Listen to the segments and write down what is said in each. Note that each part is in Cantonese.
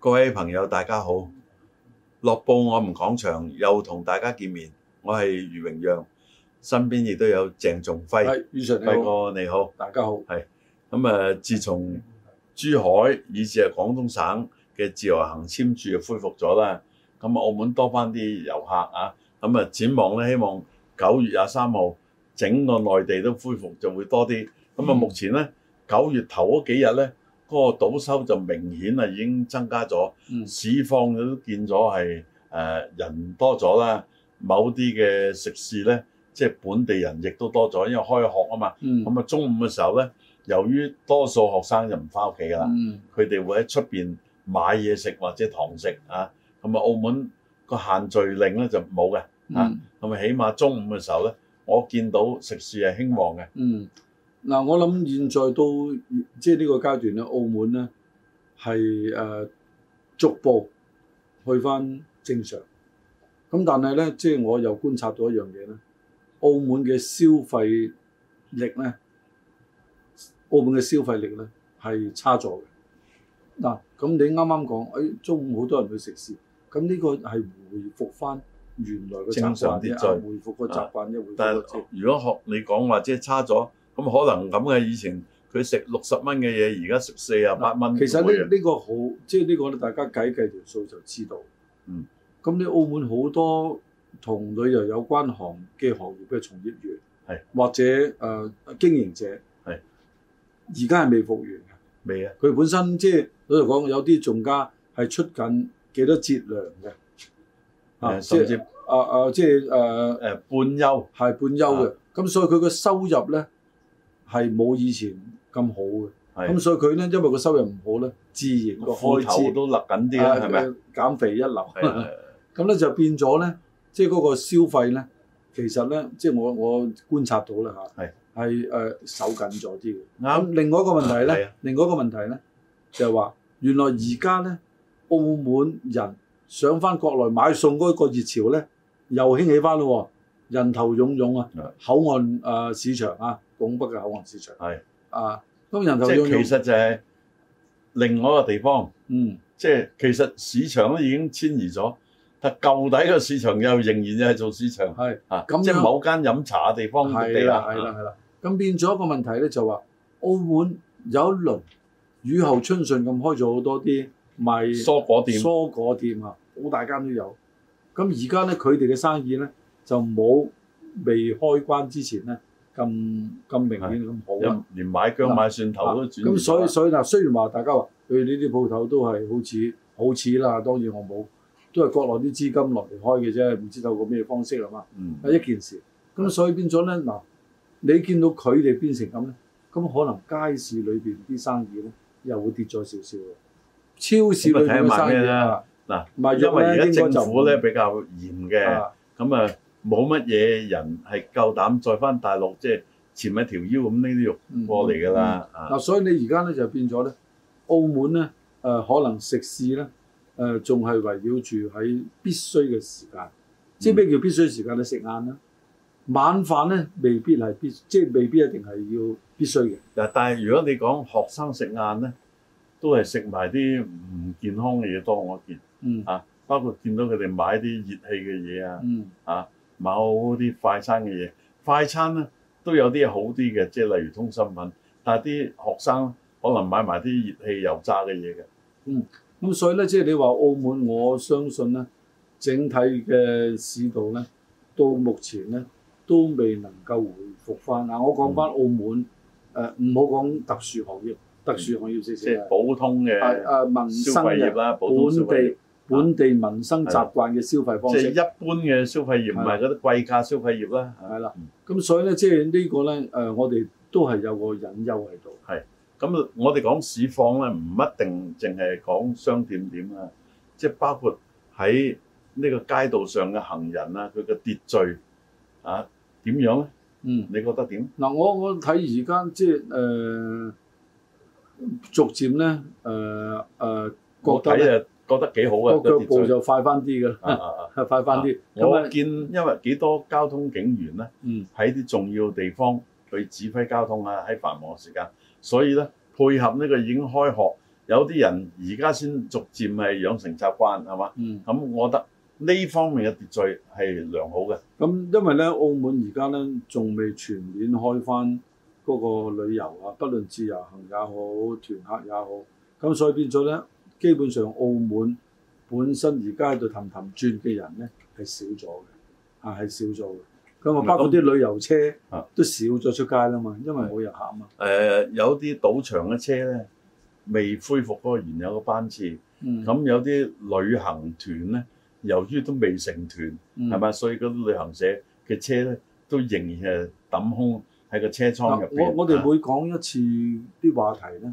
各位朋友，大家好！樂報我們講場又同大家見面，我係余榮陽，身邊亦都有鄭仲輝。係余 Sir 你好，輝哥你好，大家好。係咁啊！自從珠海以至係廣東省嘅自由行簽注又恢復咗啦，咁啊澳門多翻啲遊客啊，咁啊展望咧，希望九月廿三號。整個內地都恢復就會多啲。咁啊，目前呢，嗯、九月頭嗰幾日呢，嗰、嗰個賭收就明顯啊，已經增加咗、嗯。市況都見咗係誒人多咗啦。某啲嘅食肆呢，即係本地人亦都多咗，因為開學啊嘛。咁、嗯、啊，中午嘅時候呢，由於多數學生就唔翻屋企啦，佢、嗯、哋會喺出面買嘢食或者堂食啊。咁啊，澳門個限聚令呢就冇嘅、嗯、啊。咁啊，起碼中午嘅時候呢。我見到食肆係興旺嘅。嗯，嗱，我諗現在到即係呢個階段咧，澳門咧係誒逐步去翻正常。咁但係咧，即係我又觀察到一樣嘢咧，澳門嘅消費力咧，澳門嘅消費力咧係差咗嘅。嗱，咁你啱啱講誒中午好多人去食肆，咁呢個係回復翻？原來嘅習慣啲再恢復個習慣啫、啊啊，但係如果學你講話，即、就、係、是、差咗，咁可能咁嘅。以前佢食六十蚊嘅嘢，而家食四啊八蚊。其實呢、這、呢、個這個好，即係呢個我哋大家計計條數就知道。嗯，咁你澳門好多同旅遊有關行嘅行業嘅從業員，係或者誒、呃、經營者，係而家係未復原嘅，未啊。佢本身即係老實講，有啲仲加係出緊幾多少節糧嘅。啊，甚至啊啊，即係誒誒半休，係半休嘅，咁、啊、所以佢嘅收入咧係冇以前咁好嘅，咁所以佢咧因為個收入唔好咧，自然個開支都勒緊啲嘅，係、啊、咪？減肥一流，咁咧 就變咗咧，即係嗰個消費咧，其實咧，即、就、係、是、我我觀察到啦嚇，係係誒收緊咗啲嘅。咁、嗯、另外一個問題咧、啊，另外一個問題咧就係話，原來而家咧澳門人。上翻國內買餸嗰一個熱潮咧，又興起翻咯喎，人頭涌湧啊！口岸，呃、啊口岸市場啊，拱北嘅口岸市場係啊，咁人就即係其實就係另外一個地方，嗯，嗯即係其實市場都已經遷移咗，但係舊底嘅市場又仍然又係做市場係啊，即係某間飲茶嘅地方係啦係啦係啦，咁、啊、變咗一個問題咧，就話澳門有一輪雨後春筍咁開咗好多啲賣蔬果店，蔬果店啊！好大間都有，咁而家咧佢哋嘅生意咧就冇未開關之前咧咁咁明顯咁好啊！連買薑買蒜頭都轉咁、啊啊，所以所以嗱，雖然話大家話佢呢啲鋪頭都係好似好似啦，當然我冇都係國內啲資金落嚟開嘅啫，唔知道個咩方式啦嘛。嗯、一件事，咁所以變咗咧嗱，你見到佢哋變成咁咧，咁可能街市裏邊啲生意咧又會跌咗少少。超市裏邊嘅生意嗱，因為而家政府咧比較嚴嘅，咁啊冇乜嘢人係夠膽再返大陸，即、就、係、是、潛一條腰咁拎啲肉過嚟㗎啦。嗱、嗯嗯啊，所以你而家咧就變咗咧，澳門咧誒、呃、可能食肆咧誒仲係圍繞住喺必須嘅時間。嗯、即係咩叫必須嘅時間咧？你食晏啦，晚飯咧未必係必，即係未必一定係要必須嘅。嗱，但係如果你講學生食晏咧，都係食埋啲唔健康嘅嘢多，我見。嗯啊，包括見到佢哋買啲熱氣嘅嘢啊，嗯啊，買嗰啲快餐嘅嘢，快餐咧都有啲好啲嘅，即係例如通心粉，但係啲學生可能買埋啲熱氣油炸嘅嘢嘅。嗯，咁所以咧，即係你話澳門，我相信咧，整體嘅市道咧，到目前咧都未能夠回復翻。嗱、啊，我講翻澳門，誒唔好講特殊行業、嗯，特殊行業少少、嗯、即係普通嘅、啊，誒、啊、民生嘅本地消費業。本地本地民生習慣嘅消費方式，即、就是、一般嘅消費業，唔係嗰啲貴價消費業啦。係啦，咁、嗯、所以咧，即、就、係、是、呢個咧，誒、呃，我哋都係有個隱憂喺度。係，咁我哋講市況咧，唔一定淨係講商店點啦，即係包括喺呢個街道上嘅行人的啊，佢嘅秩序啊，點樣咧？嗯，你覺得點？嗱、嗯，我我睇而家即係誒，逐漸咧，誒、呃、誒，呃、覺得咧。呃覺得幾好啊、哦、步啊！個就快翻啲㗎啦，快翻啲、啊。我見因為幾多交通警員咧，喺啲重要地方去指揮交通啊，喺、嗯、繁忙時間，所以咧配合呢個已經開學，有啲人而家先逐漸係養成習慣，係、嗯、嘛？咁我覺得呢方面嘅秩序係良好嘅。咁、嗯、因為咧，澳門而家咧仲未全面開翻嗰個旅遊啊，不論自由行也好，團客也好，咁所以變咗咧。基本上澳門本身而家喺度氹氹轉嘅人咧係少咗嘅，啊係少咗嘅。咁啊，包括啲旅遊車啊都少咗出街啦嘛，因為冇入行啊。誒，有啲賭場嘅車咧未恢復嗰個原有嘅班次，咁有啲旅行團咧由於都未成團，係咪？所以嗰啲旅行社嘅車咧都仍然係揼空喺個車艙入邊。嗯嗯嗯、我哋每講一次啲話題咧。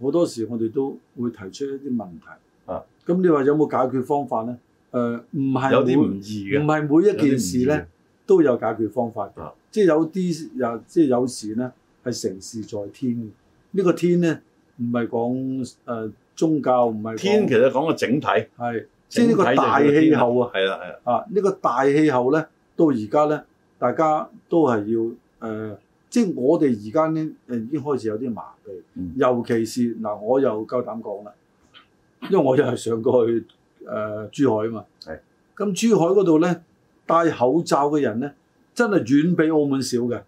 好多時我哋都會提出一啲問題，啊，咁你話有冇解決方法咧？誒、呃，唔係有啲唔易嘅，唔係每一件事咧都有解決方法嘅、啊，即係有啲又即係有時咧係成事在天嘅。呢、這個天咧唔係講誒宗教，唔係天其實講個整體，係即係呢個大氣候啊，係啦係啦啊，呢個大氣候咧到而家咧，大家都係要誒。呃即係我哋而家咧，已經開始有啲麻痹、嗯，尤其是嗱，我又夠膽講啦，因為我又係上過去誒、呃、珠海啊嘛。咁珠海嗰度咧，戴口罩嘅人咧，真係遠比澳門少嘅。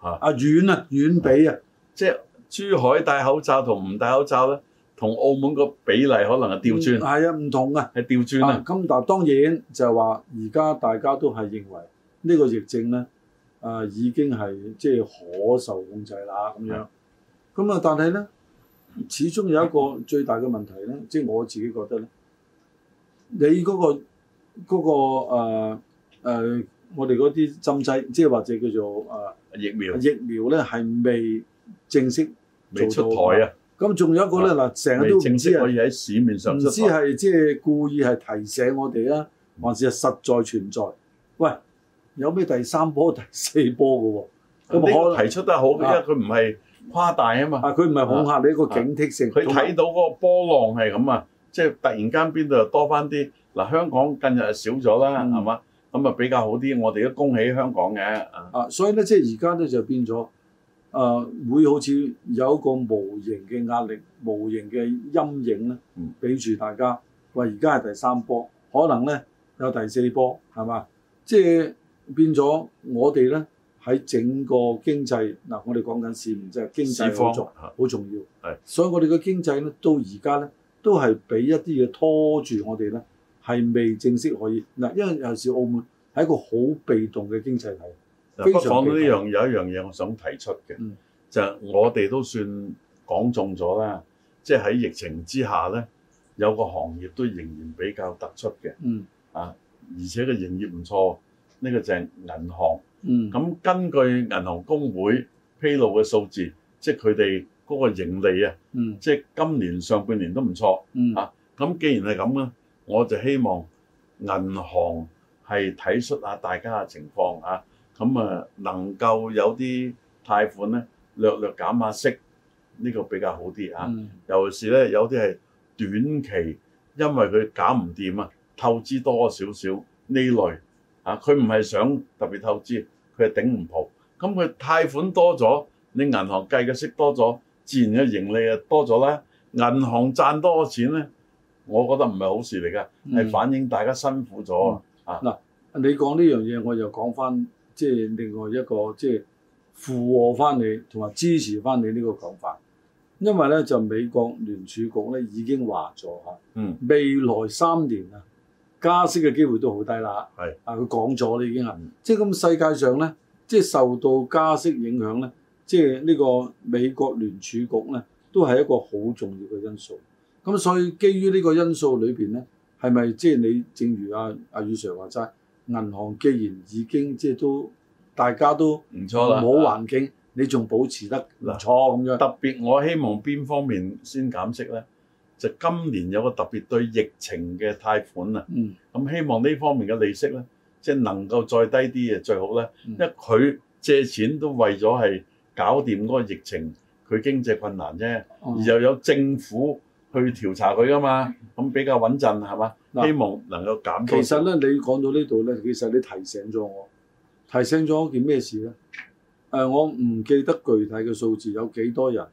啊，遠啊遠比啊，即係珠海戴口罩同唔戴口罩咧，同澳門個比例可能係調轉。係、嗯、啊，唔同啊，係調轉啊。咁但當然就係話而家大家都係認為呢個疫症咧。啊，已經係即係可受控制啦咁樣，咁啊，但係咧，始終有一個最大嘅問題咧，即係我自己覺得咧，你嗰個嗰個誒誒，我哋嗰啲針劑，即係或者叫做誒疫苗，疫苗咧係未正式做，未出台啊。咁仲有一個咧嗱，成日都唔知啊，可以喺市面上唔知係即係故意係提醒我哋啊、嗯，還是實在存在？喂！有咩第三波、第四波㗎喎？咁我提出得好，因為佢唔係誇大啊嘛。啊，佢唔係恐嚇你、啊、一個警惕性，佢、啊、睇到個個波浪係咁啊，即、啊、係、就是、突然間邊度又多翻啲嗱。香港近日少咗啦，係、嗯、嘛？咁啊比較好啲，我哋都恭喜香港嘅啊，啊。所以咧，即係而家咧就變咗啊，會好似有一個無形嘅壓力、無形嘅陰影咧，俾、嗯、住大家話：而家係第三波，可能咧有第四波，係嘛？即係。變咗我哋咧喺整個經濟嗱，我哋講緊事唔即係經濟好重好重要，重要，所以我哋嘅經濟咧到而家咧都係俾一啲嘢拖住我哋咧，係未正式可以嗱，因為又是澳門係一個好被動嘅經濟體。不過講到呢樣有一樣嘢我想提出嘅、嗯，就係、是、我哋都算講中咗啦，即係喺疫情之下咧，有個行業都仍然比較突出嘅，嗯啊，而且個營業唔錯。呢個就係銀行。咁根據銀行公會披露嘅數字，即係佢哋嗰個盈利啊，即係今年上半年都唔錯。嚇，咁既然係咁咧，我就希望銀行係體恤下大家嘅情況啊，咁啊能夠有啲貸款咧略略減下息，呢個比較好啲嚇。尤其是咧有啲係短期，因為佢減唔掂啊，透支多少少呢類。啊！佢唔係想特別透支，佢係頂唔浦。咁佢貸款多咗，你銀行計嘅息多咗，自然嘅盈利啊多咗啦。銀行賺多咗錢咧，我覺得唔係好事嚟嘅，係、嗯、反映大家辛苦咗、嗯、啊！嗱，你講呢樣嘢，我又就講翻即係另外一個即係、就是、附和翻你，同埋支持翻你呢個講法，因為咧就美國聯儲局咧已經話咗嚇，未來三年啊。加息嘅機會都好低啦，係啊，佢講咗咧已經係、嗯，即係咁世界上咧，即係受到加息影響咧，即係呢個美國聯儲局咧，都係一個好重要嘅因素。咁所以基於呢個因素裏邊咧，係咪即係你正如阿阿宇 Sir 話齋，銀行既然已經即係都大家都唔錯啦，冇環境、啊、你仲保持得唔錯咁樣，特別我希望邊方面先減息咧？就今年有個特別對疫情嘅貸款啊，嗯，咁希望呢方面嘅利息咧，即係能夠再低啲啊，最好呢，嗯，因為佢借錢都為咗係搞掂嗰個疫情，佢經濟困難啫，而又有政府去調查佢噶嘛，咁，嗯，比較穩陣係嘛？嗯，希望能夠減。其實呢，你講到呢度呢，其實你提醒咗我，提醒咗一件咩事呢？誒，呃，我唔記得具體嘅數字有幾多人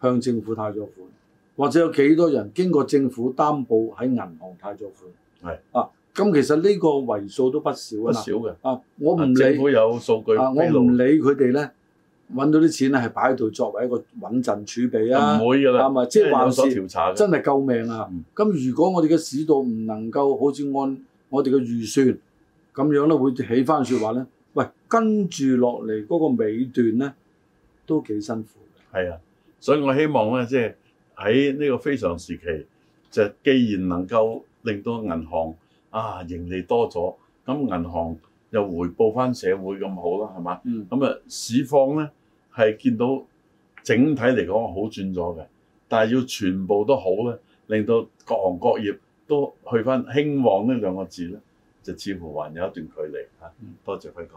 向政府貸咗款。或者有幾多人經過政府擔保喺銀行貸咗款？係啊，咁其實呢個為數都不少啊，不少嘅啊，我唔理政府有數據，啊、我唔理佢哋咧揾到啲錢咧係擺喺度作為一個穩陣儲備啊，唔會㗎啦，即係有所調查的真係救命啊！咁、嗯啊、如果我哋嘅市道唔能夠好似按我哋嘅預算咁樣咧，會起翻説話咧、嗯，喂，跟住落嚟嗰個尾段咧都幾辛苦嘅。係啊，所以我希望咧即係。就是喺呢個非常時期，就既然能夠令到銀行啊盈利多咗，咁銀行又回報翻社會咁好啦，係嘛？咁、嗯、啊市況呢，係見到整體嚟講好轉咗嘅，但係要全部都好呢，令到各行各業都去翻興旺呢兩個字呢，就似乎還有一段距離嚇、啊。多謝輝哥。